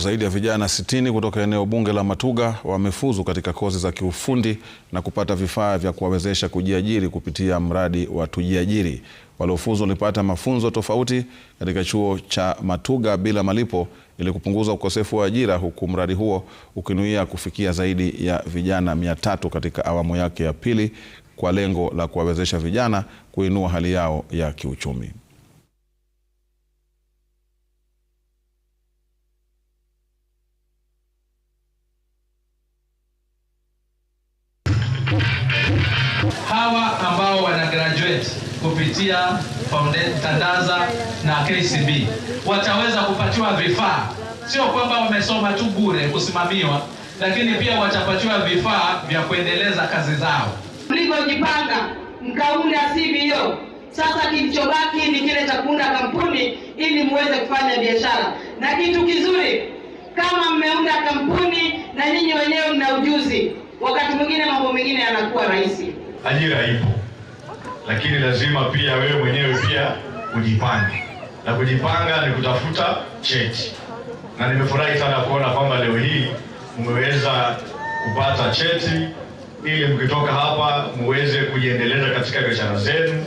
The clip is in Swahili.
Zaidi ya vijana 60 kutoka eneo bunge la Matuga wamefuzu katika kozi za kiufundi na kupata vifaa vya kuwawezesha kujiajiri kupitia mradi wa Tujiajiri. Waliofuzu walipata mafunzo tofauti katika chuo cha Matuga bila malipo ili kupunguza ukosefu wa ajira, huku mradi huo ukinuia kufikia zaidi ya vijana 300 katika awamu yake ya pili kwa lengo la kuwawezesha vijana kuinua hali yao ya kiuchumi. hawa ambao wana graduate kupitia Tandaza na KCB wataweza kupatiwa vifaa, sio kwamba wamesoma tu bure kusimamiwa, lakini pia watapatiwa vifaa vya kuendeleza kazi zao. Mlivyojipanga mkaunda CBO, sasa kilichobaki ni kile cha kuunda kampuni ili muweze kufanya biashara. Na kitu kizuri, kama mmeunda kampuni na nyinyi wenyewe mna ujuzi, wakati mwingine mambo mengine yanakuwa rahisi ajira ipo, lakini lazima pia wewe mwenyewe pia ujipange, na kujipanga ni kutafuta cheti, na nimefurahi sana kuona kwamba leo hii mmeweza kupata cheti ili mkitoka hapa muweze kujiendeleza katika biashara zenu.